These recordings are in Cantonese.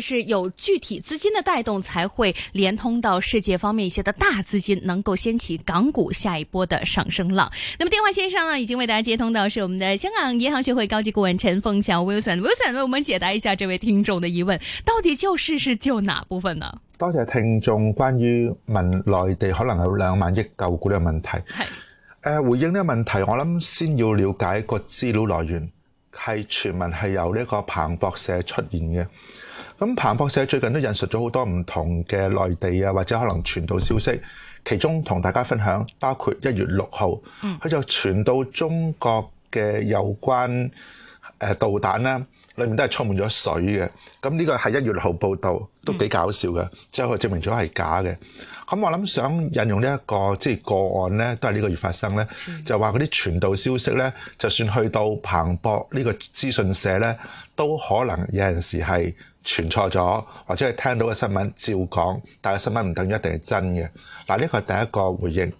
是有具體資金的帶動，才會連通到世界方面一些的大資金，能夠掀起港股下一波的上升浪。那麼電話先生呢、啊，已經為大家接通到，是我們的香港銀行學會高級顧問陳鳳翔 Wilson Wilson，為我們解答一下這位聽眾的疑問：到底救市是救哪部分呢？多謝聽眾關於問內地可能有兩萬億救股嘅問題。係是回應呢個問題，我諗先要了解個資料來源，係全文係由呢個彭博社出現嘅。咁彭博社最近都引述咗好多唔同嘅內地啊，或者可能傳道消息，其中同大家分享包括一月六號，佢就傳到中國嘅有關誒、呃、導彈啦，裏面都係充滿咗水嘅。咁呢個係一月六號報導，都幾搞笑嘅，之、mm. 後佢證明咗係假嘅。咁我諗想，想引用呢、這、一個即係、就是、個案咧，都係呢個月發生咧，就話嗰啲傳道消息咧，就算去到彭博個資訊呢個資訊社咧，都可能有陣時係。傳錯咗，或者係聽到嘅新聞照講，但係新聞唔等於一定係真嘅。嗱，呢個係第一個回應。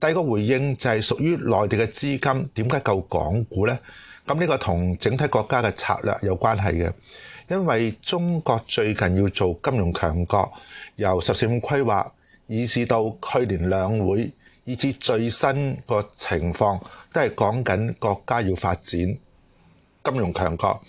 第二個回應就係屬於內地嘅資金點解救港股呢？咁呢個同整體國家嘅策略有關係嘅，因為中國最近要做金融強國，由十四五規劃以至到去年兩會，以至最新個情況，都係講緊國家要發展。金融強國，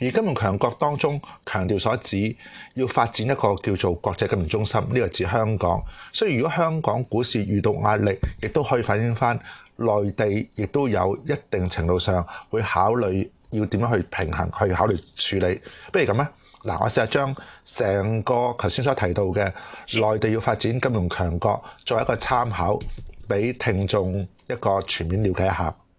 而金融強國當中強調所指，要發展一個叫做國際金融中心呢個指香港。所以如果香港股市遇到壓力，亦都可以反映翻內地，亦都有一定程度上會考慮要點樣去平衡去考慮處理。不如咁咧，嗱，我試下將成個頭先所提到嘅內地要發展金融強國作為一個參考，俾聽眾一個全面了解一下。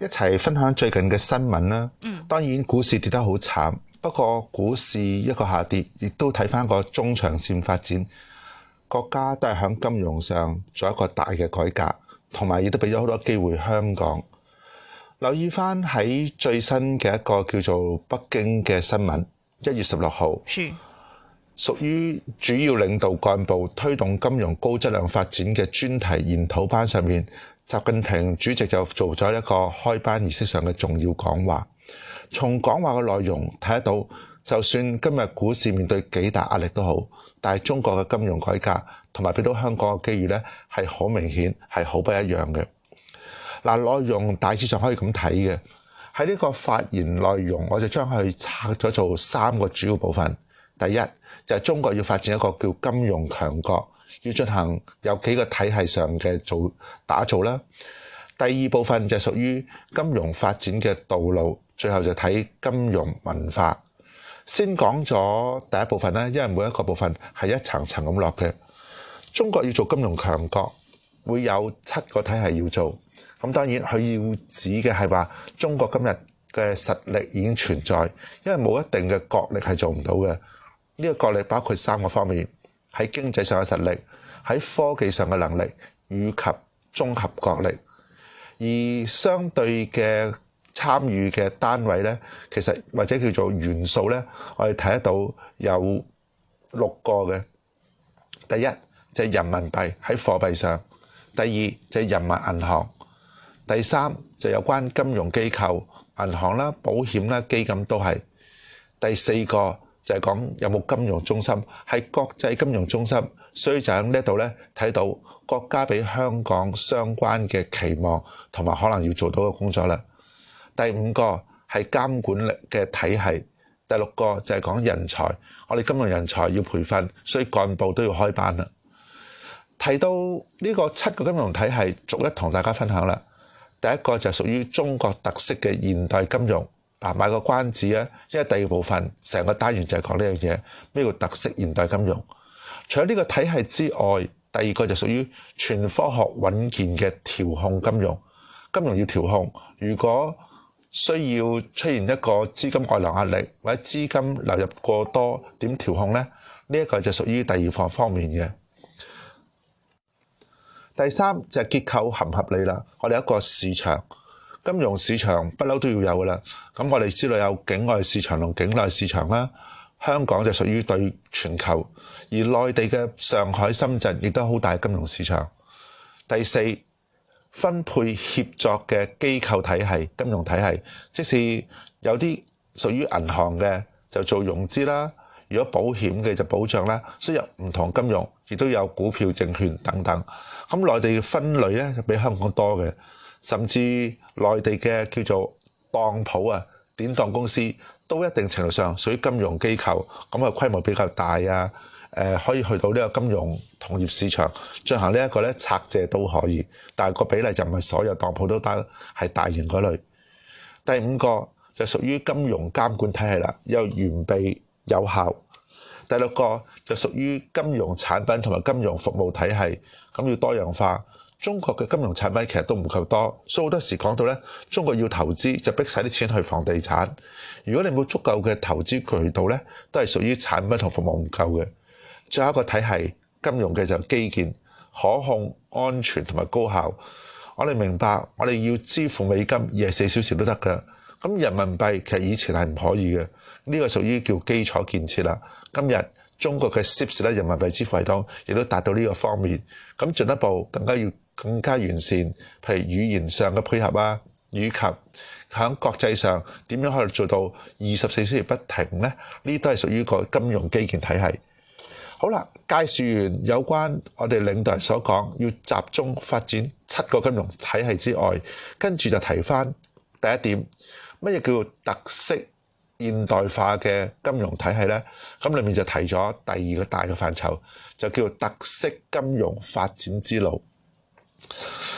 一齊分享最近嘅新聞啦。當然股市跌得好慘，不過股市一個下跌，亦都睇翻個中長線發展。國家都係喺金融上做一個大嘅改革，同埋亦都俾咗好多機會香港。留意翻喺最新嘅一個叫做北京嘅新聞，一月十六號，是屬於主要領導幹部推動金融高質量發展嘅專題研討班上面。習近平主席就做咗一個開班儀式上嘅重要講話，從講話嘅內容睇得到，就算今日股市面對幾大壓力都好，但係中國嘅金融改革同埋俾到香港嘅機遇咧係好明顯係好不一樣嘅。嗱，內容大致上可以咁睇嘅，喺呢個發言內容，我就將佢拆咗做三個主要部分。第一就係中國要發展一個叫金融強國。要進行有幾個體系上嘅做打造啦。第二部分就屬於金融發展嘅道路，最後就睇金融文化。先講咗第一部分啦，因為每一個部分係一層層咁落嘅。中國要做金融強國，會有七個體系要做。咁當然佢要指嘅係話，中國今日嘅實力已經存在，因為冇一定嘅國力係做唔到嘅。呢個國力包括三個方面。喺經濟上嘅實力，喺科技上嘅能力，以及綜合國力，而相對嘅參與嘅單位呢，其實或者叫做元素呢，我哋睇得到有六個嘅。第一就係、是、人民幣喺貨幣上，第二就係、是、人民銀行，第三就有關金融機構、銀行啦、保險啦、基金都係，第四個。就係講有冇金融中心係國際金融中心，所以就喺呢度咧睇到國家俾香港相關嘅期望同埋可能要做到嘅工作啦。第五個係監管力嘅體系，第六個就係講人才，我哋金融人才要培訓，所以幹部都要開班啦。提到呢個七個金融體系，逐一同大家分享啦。第一個就係屬於中國特色嘅現代金融。啊！買個關子啊，因為第二部分成個單元就係講呢樣嘢，咩叫特色現代金融？除咗呢個體系之外，第二個就屬於全科學穩健嘅調控金融。金融要調控，如果需要出現一個資金外流壓力或者資金流入過多，點調控呢？呢一個就屬於第二個方面嘅。第三就係結構合唔合理啦。我哋一個市場。金融市場不嬲都要有噶啦，咁我哋知道有境外市場同境內市場啦，香港就屬於對全球，而內地嘅上海、深圳亦都好大金融市場。第四，分配協作嘅機構體系、金融體系，即使有啲屬於銀行嘅就做融資啦，如果保險嘅就保障啦，所以有唔同金融亦都有股票、證券等等。咁內地嘅分類咧就比香港多嘅，甚至。內地嘅叫做當鋪啊，典當公司都一定程度上屬於金融機構，咁啊規模比較大啊，誒、呃、可以去到呢個金融同業市場進行呢一個咧拆借都可以，但係個比例就唔係所有當鋪都得，係大型嗰類。第五個就屬於金融監管體系啦，又完備有效。第六個就屬於金融產品同埋金融服務體系，咁要多元化。中國嘅金融產品其實都唔夠多，所以好多時講到咧，中國要投資就逼曬啲錢去房地產。如果你冇足夠嘅投資渠道咧，都係屬於產品同服務唔夠嘅。最後一個體系金融嘅就基建可控、安全同埋高效。我哋明白，我哋要支付美金二四小時都得㗎。咁人民幣其實以前係唔可以嘅，呢個屬於叫基礎建設啦。今日中國嘅 SIPS 咧人民幣支付系統亦都達到呢個方面，咁進一步更加要。更加完善，譬如語言上嘅配合啊，以及響國際上點樣可以做到二十四小時不停咧？呢都係屬於個金融基建體系。好啦，介紹完有關我哋領導人所講要集中發展七個金融體系之外，跟住就提翻第一點乜嘢叫做特色現代化嘅金融體系咧？咁裏面就提咗第二個大嘅範疇，就叫做特色金融發展之路。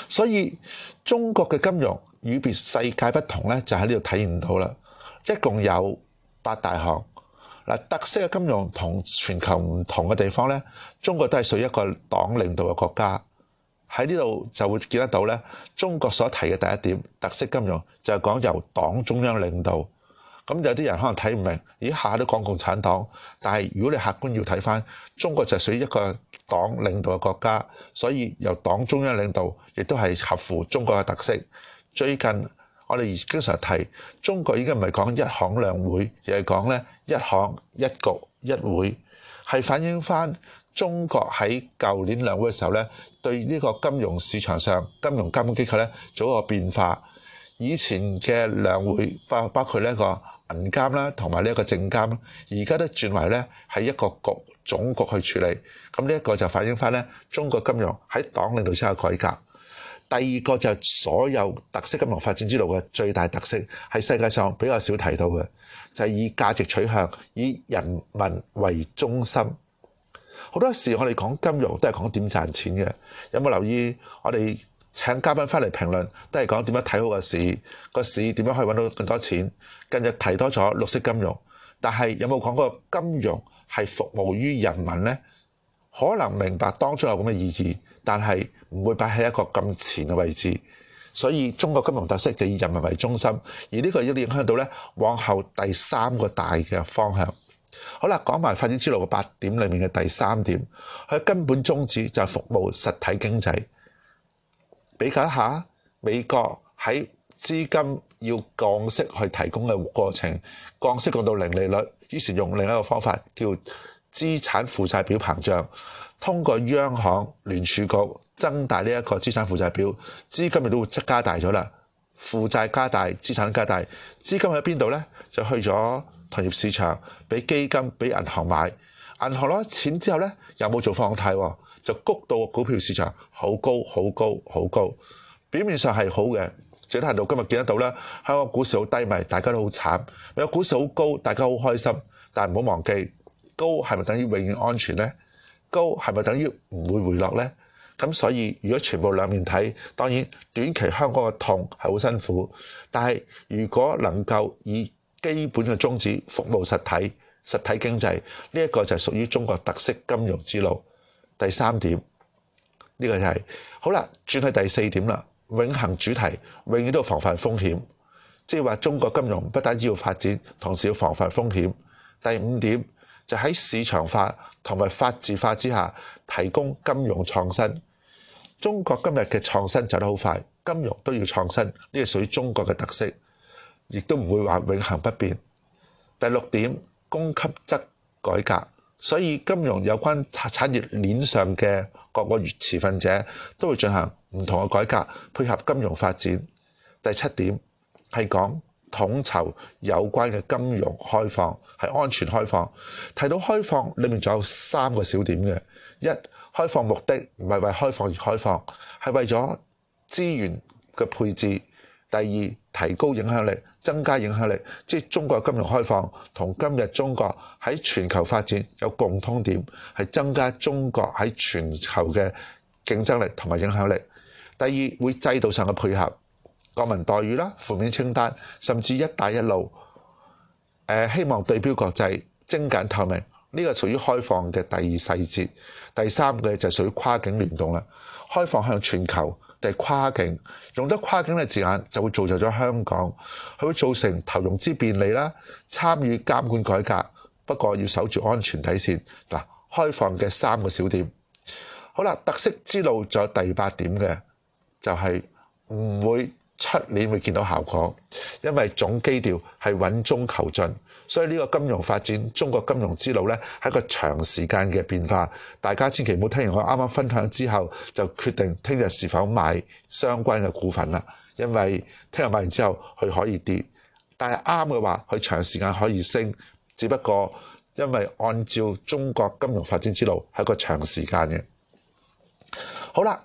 所以中國嘅金融與別世界不同咧，就喺呢度體現到啦。一共有八大項嗱，特色嘅金融同全球唔同嘅地方咧，中國都係屬於一個黨領導嘅國家。喺呢度就會見得到咧。中國所提嘅第一點，特色金融就係講由黨中央領導。咁有啲人可能睇唔明，咦，下都講共產黨，但係如果你客觀要睇翻，中國就係屬於一個黨領導嘅國家，所以由黨中央領導，亦都係合乎中國嘅特色。最近我哋經常提中國已經唔係講一行兩會，而係講咧一行一局一會，係反映翻中國喺舊年兩會嘅時候咧，對呢個金融市場上金融監管機構咧，做個變化。以前嘅兩會包包括呢一個銀監啦，同埋呢一個證監，而家都轉為咧係一個局。總局去處理，咁呢一個就反映翻呢中國金融喺黨領導之下改革。第二個就係所有特色金融發展之路嘅最大特色，係世界上比較少提到嘅，就係以價值取向、以人民為中心。好多時我哋講金融都係講點賺錢嘅，有冇留意我哋請嘉賓翻嚟評論都係講點樣睇好個市，個市點樣可以揾到更多錢？近日提多咗綠色金融，但係有冇講過金融？係服務於人民呢，可能明白當中有咁嘅意義，但係唔會擺喺一個咁前嘅位置。所以中國金融特色就以人民為中心，而呢個亦都影響到呢，往後第三個大嘅方向。好啦，講埋發展之路嘅八點裡面嘅第三點，佢根本宗旨就係服務實體經濟。比較一下美國喺資金要降息去提供嘅過程，降息降到零利率。以前用另一個方法叫資產負債表膨脹，通過央行聯儲局增大呢一個資產負債表，資金亦都會即加大咗啦。負債加大，資產加大，資金喺邊度呢？就去咗同業市場，俾基金、俾銀行買。銀行攞咗錢之後呢，又冇做放貸，就谷到股票市場好高、好高、好高。表面上係好嘅。最睇到今日見得到啦，香港股市好低迷，大家都好慘；美國股市好高，大家好開心。但係唔好忘記，高係咪等於永遠安全呢？高係咪等於唔會回落呢？咁所以如果全部兩面睇，當然短期香港嘅痛係好辛苦。但係如果能夠以基本嘅宗旨服務實體、實體經濟，呢一個就係屬於中國特色金融之路。第三點，呢個就係好啦，轉去第四點啦。永恒主題，永遠都防範風險，即係話中國金融不但要發展，同時要防範風險。第五點，就喺市場化同埋法治化之下提供金融創新。中國今日嘅創新走得好快，金融都要創新，呢個屬於中國嘅特色，亦都唔會話永恆不變。第六點，供給側改革。所以金融有關產業鏈上嘅各個業持份者都會進行唔同嘅改革，配合金融發展。第七點，係講統籌有關嘅金融開放，係安全開放。提到開放，裏面仲有三個小點嘅：一、開放目的唔係為開放而開放，係為咗資源嘅配置；第二，提高影響力。增加影響力，即係中國金融開放同今日中國喺全球發展有共通點，係增加中國喺全球嘅競爭力同埋影響力。第二，會制度上嘅配合，國民待遇啦、負面清單，甚至一帶一路。呃、希望對標國際，精簡透明，呢個屬於開放嘅第二細節。第三個就是、屬於跨境聯動啦，開放向全球。第跨境用得跨境嘅字眼，就會造就咗香港，佢會造成投融資便利啦，參與監管改革，不過要守住安全底線。嗱，開放嘅三個小點，好啦，特色之路仲有第八點嘅就係、是、唔會出年會見到效果，因為總基調係穩中求進。所以呢個金融發展，中國金融之路呢係一個長時間嘅變化。大家千祈唔好聽完我啱啱分享之後就決定聽日是否買相關嘅股份啦。因為聽日買完之後佢可以跌，但係啱嘅話佢長時間可以升。只不過因為按照中國金融發展之路係一個長時間嘅。好啦。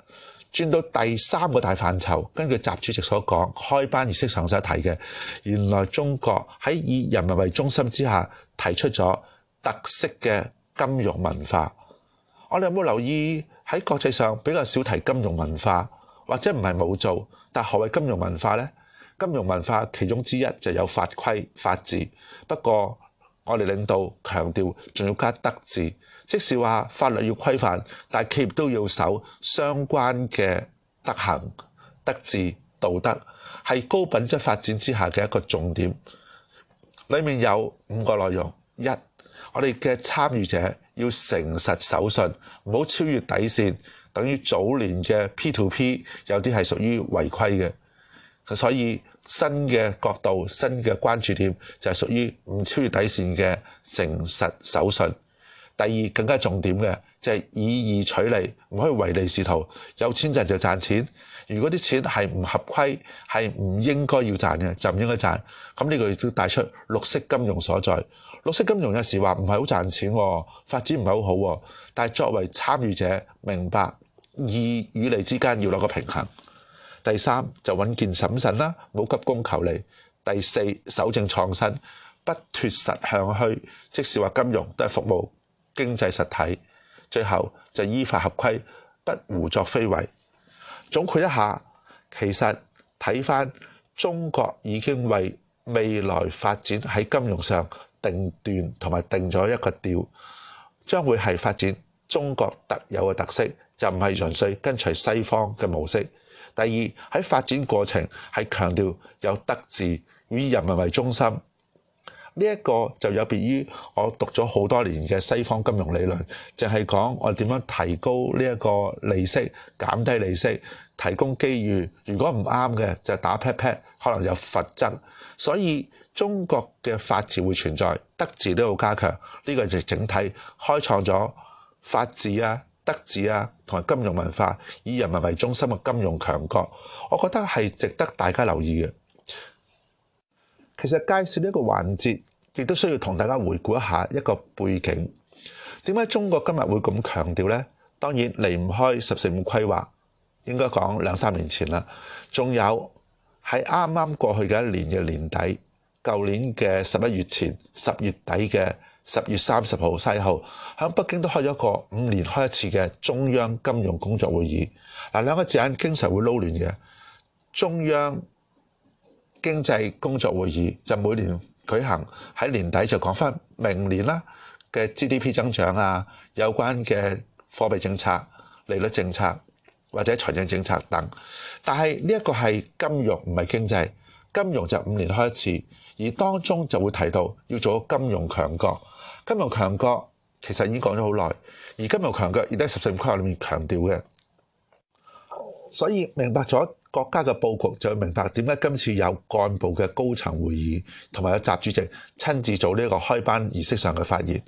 轉到第三個大範疇，根據習主席所講開班儀式上所提嘅，原來中國喺以人民為中心之下，提出咗特色嘅金融文化。我哋有冇留意喺國際上比較少提金融文化，或者唔係冇做，但何謂金融文化呢？金融文化其中之一就有法規法治，不過我哋領導強調仲要加德治。即是話法律要規範，但企業都要守相關嘅德行、德治、道德，係高品質發展之下嘅一個重點。裡面有五個內容：一、我哋嘅參與者要誠實守信，唔好超越底線，等於早年嘅 P2P 有啲係屬於違規嘅。所以新嘅角度、新嘅關注點就係、是、屬於唔超越底線嘅誠實守信。第二，更加重點嘅就係、是、以義取利，唔可以唯利是圖。有錢人就賺錢。如果啲錢係唔合規，係唔應該要賺嘅，就唔應該賺。咁呢個亦都帶出綠色金融所在。綠色金融有時話唔係好賺錢，發展唔係好好，但係作為參與者，明白義與利之間要攞個平衡。第三就穩健審慎啦，冇急功求利。第四，守正創新，不脫實向虛。即使話金融都係服務經濟實體，最後就依法合規，不胡作非為。總括一下，其實睇翻中國已經為未來發展喺金融上定段同埋定咗一個調，將會係發展中國特有嘅特色，就唔係純粹跟隨西方嘅模式。第二，喺發展過程係強調有德治，與人民為中心。呢一個就有別於我讀咗好多年嘅西方金融理論，淨係講我點樣提高呢一個利息、減低利息、提供機遇。如果唔啱嘅，就打 pat pat，可能有罰則。所以中國嘅法治會存在，德治都要加強。呢個就整體開創咗法治啊、德治啊同埋金融文化，以人民為中心嘅金融強國。我覺得係值得大家留意嘅。其實介紹呢個環節。亦都需要同大家回顧一下一個背景，點解中國今日會咁強調咧？當然離唔開十四五規劃，應該講兩三年前啦。仲有喺啱啱過去嘅一年嘅年底，舊年嘅十一月前十月底嘅十月三十號、卅號，響北京都開咗一個五年開一次嘅中央金融工作會議，嗱兩個字眼經常會撈亂嘅中央經濟工作會議就每年。舉行喺年底就講翻明年啦嘅 GDP 增長啊，有關嘅貨幣政策、利率政策或者財政政策等。但係呢一個係金融唔係經濟，金融就五年開一次，而當中就會提到要做到金融強國。金融強國其實已經講咗好耐，而金融強國亦都喺十四五規劃裡面強調嘅。所以明白咗國家嘅佈局，就要明白點解今次有幹部嘅高層會議，同埋有習主席親自做呢個開班儀式上嘅發言。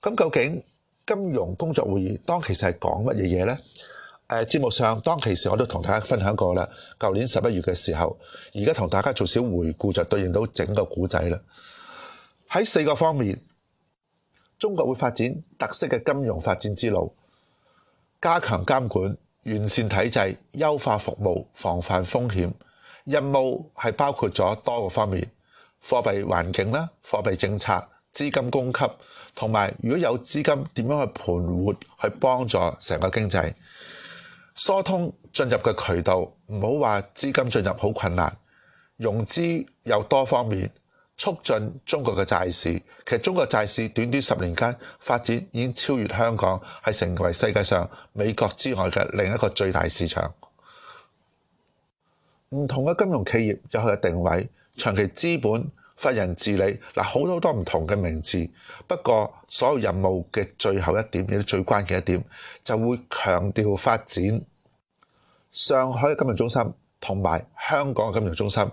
咁究竟金融工作會議當其時係講乜嘢嘢呢？誒、呃，節目上當其時我都同大家分享過啦。舊年十一月嘅時候，而家同大家做少回顧，就對應到整個古仔啦。喺四個方面，中國會發展特色嘅金融發展之路，加強監管。完善體制、優化服務、防範風險，任務係包括咗多個方面。貨幣環境啦、貨幣政策、資金供給，同埋如果有資金點樣去盤活，去幫助成個經濟，疏通進入嘅渠道，唔好話資金進入好困難，融資有多方面。促進中國嘅債市，其實中國債市短短十年間發展已經超越香港，係成為世界上美國之外嘅另一個最大市場。唔同嘅金融企業有佢嘅定位、長期資本、法人治理嗱，好多好多唔同嘅名字。不過所有任務嘅最後一點，亦都最關鍵的一點，就會強調發展上海金融中心同埋香港金融中心。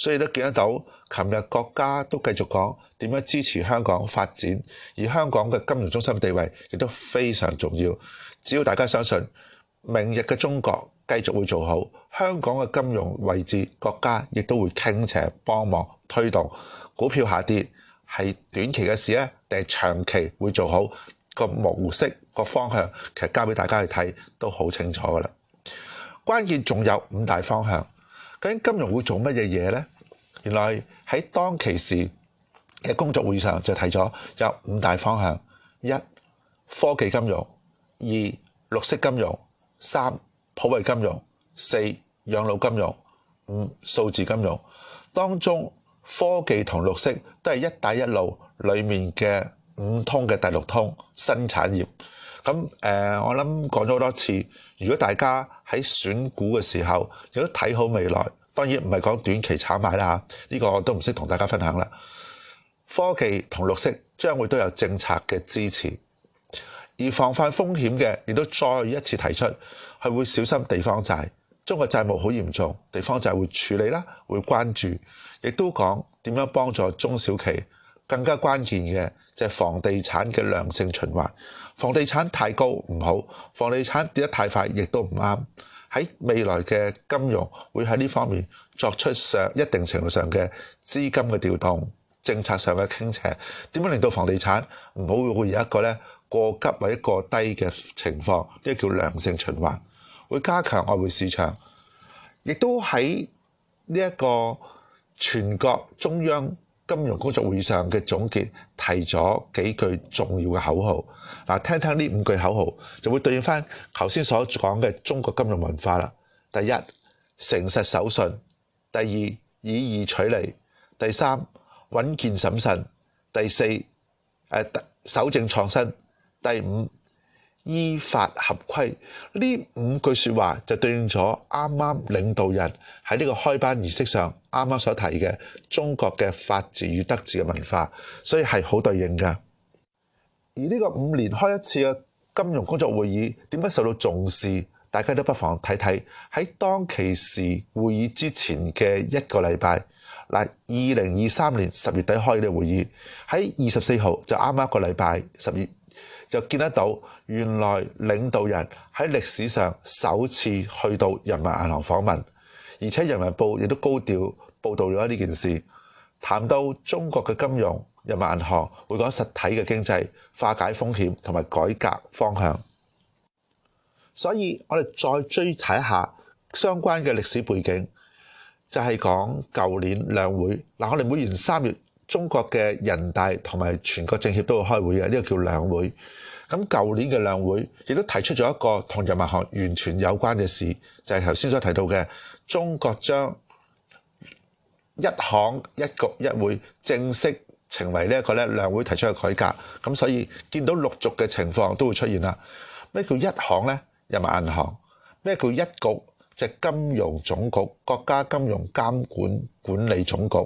所以都見得到，琴日國家都繼續講點樣支持香港發展，而香港嘅金融中心地位亦都非常重要。只要大家相信，明日嘅中國繼續會做好香港嘅金融位置，國家亦都會傾斜幫忙推動股票下跌，係短期嘅事咧，定係長期會做好個模式個方向。其實交俾大家去睇都好清楚噶啦。關鍵仲有五大方向，究竟金融會做乜嘢嘢咧？原來喺當其時嘅工作會議上就提咗有五大方向：一、科技金融；二、綠色金融；三、普惠金融；四、養老金融；五、數字金融。當中科技同綠色都係「一帶一路」裡面嘅五通嘅第六通新產業。咁誒、呃，我諗講咗好多次，如果大家喺選股嘅時候亦都睇好未來。當然唔係講短期炒賣啦，呢個我都唔識同大家分享啦。科技同綠色將會都有政策嘅支持，而防範風險嘅亦都再一次提出，係會小心地方債。中國債務好嚴重，地方債會處理啦，會關注，亦都講點樣幫助中小企。更加關鍵嘅就係房地產嘅良性循環。房地產太高唔好，房地產跌得太快亦都唔啱。喺未來嘅金融會喺呢方面作出上一定程度上嘅資金嘅調動，政策上嘅傾斜，點樣令到房地產唔好會有一個咧過急或者過低嘅情況，呢個叫良性循環，會加強外匯市場，亦都喺呢一個全國中央。金融工作會議上嘅總結提咗幾句重要嘅口號，嗱，聽聽呢五句口號就會對應翻頭先所講嘅中國金融文化啦。第一，誠實守信；第二，以義取利；第三，穩健審慎；第四，誒守正創新；第五。依法合規呢五句說話就對應咗啱啱領導人喺呢個開班儀式上啱啱所提嘅中國嘅法治與德治嘅文化，所以係好對應噶。而呢個五年開一次嘅金融工作會議點解受到重視，大家都不妨睇睇喺當其時會議之前嘅一個禮拜嗱，二零二三年十月底開呢個會議，喺二十四號就啱啱一個禮拜十月。就見得到原來領導人喺歷史上首次去到人民銀行訪問，而且《人民報》亦都高調報導咗呢件事。談到中國嘅金融，人民銀行會講實體嘅經濟、化解風險同埋改革方向。所以我哋再追查一下相關嘅歷史背景，就係講舊年兩會，嗱，我哋每年三月。中國嘅人大同埋全國政協都會開會嘅，呢個叫兩會。咁舊年嘅兩會亦都提出咗一個同人民行完全有關嘅事，就係頭先所提到嘅中國將一行一局一會正式成為呢一個咧兩會提出嘅改革。咁所以見到陸續嘅情況都會出現啦。咩叫一行呢？人民銀行咩叫一局？即係金融總局，國家金融監管管理總局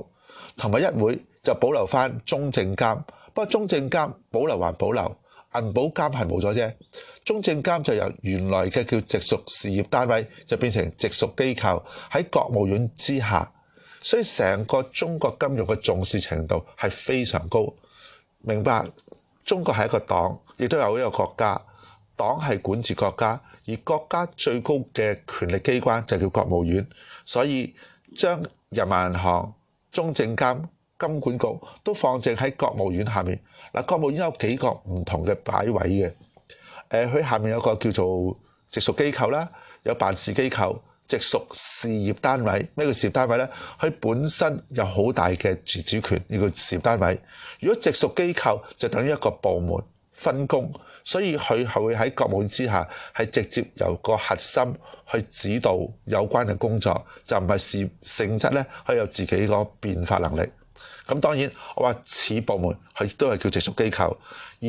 同埋一會。就保留翻中證監，不過中證監保留還保留，銀保監係冇咗啫。中證監就由原來嘅叫直屬事業單位，就變成直屬機構，喺國務院之下，所以成個中國金融嘅重視程度係非常高。明白，中國係一個黨，亦都有一個國家，黨係管治國家，而國家最高嘅權力機關就叫國務院，所以將人民銀行、中證監、金管局都放正喺國務院下面嗱，國務院有幾個唔同嘅擺位嘅。誒、呃，佢下面有個叫做直屬機構啦，有辦事機構直屬事業單位。咩叫事業單位咧？佢本身有好大嘅自主權呢、呢個事業單位，如果直屬機構就等於一個部門分工，所以佢係會喺國務院之下係直接由個核心去指導有關嘅工作，就唔係事性質咧。佢有自己個變化能力。咁當然，我話此部門係都係叫直屬機構，而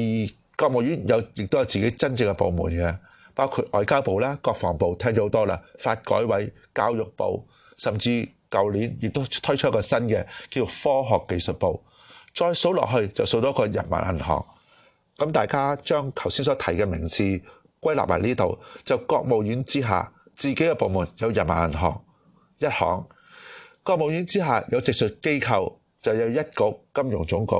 國務院有亦都有自己真正嘅部門嘅，包括外交部啦、國防部，聽咗好多啦，發改委、教育部，甚至舊年亦都推出一個新嘅叫科學技術部。再數落去就數到個人民銀行。咁大家將頭先所提嘅名字歸納埋呢度，就國務院之下自己嘅部門有人民銀行一行，國務院之下有直屬機構。就有一局金融總局，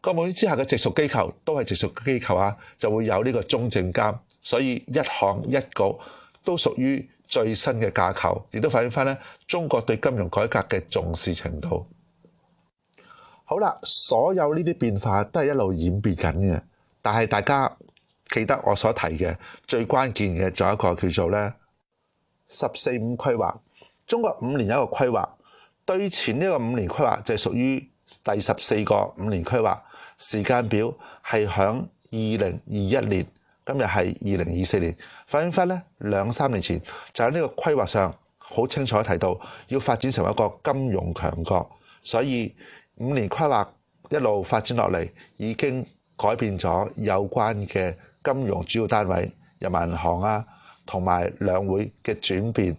國務院之下嘅直屬機構都係直屬機構啊，就會有呢個中證監，所以一行一局都屬於最新嘅架構，亦都反映翻咧中國對金融改革嘅重視程度。好啦，所有呢啲變化都係一路演變緊嘅，但係大家記得我所提嘅最關鍵嘅仲有一個叫做咧「十四五」規劃，中國五年有一個規劃。對前呢個五年規劃就係屬於第十四個五年規劃，時間表係響二零二一年，今日係二零二四年。反映翻咧兩三年前就喺呢個規劃上好清楚提到要發展成為一個金融強國，所以五年規劃一路發展落嚟，已經改變咗有關嘅金融主要單位，人民銀行啊同埋兩會嘅轉變。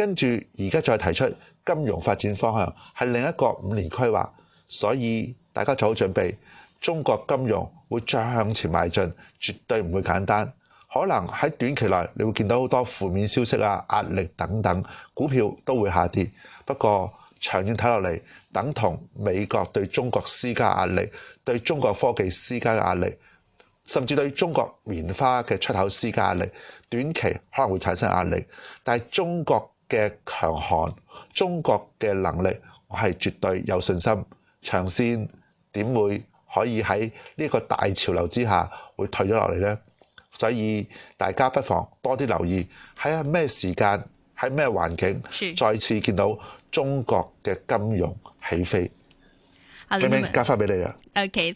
跟住而家再提出金融發展方向係另一個五年規劃，所以大家做好準備，中國金融會再向前邁進，絕對唔會簡單，可能喺短期內你會見到好多負面消息啊、壓力等等，股票都會下跌。不過長遠睇落嚟，等同美國對中國施加壓力，對中國科技施加嘅壓力，甚至對中國棉花嘅出口施加壓力。短期可能會產生壓力，但係中國。嘅強悍，中國嘅能力我係絕對有信心，長線點會可以喺呢個大潮流之下會退咗落嚟咧？所以大家不妨多啲留意喺咩時間喺咩環境再次見到中國嘅金融起飛，明 think 明？交翻俾你啦。Okay.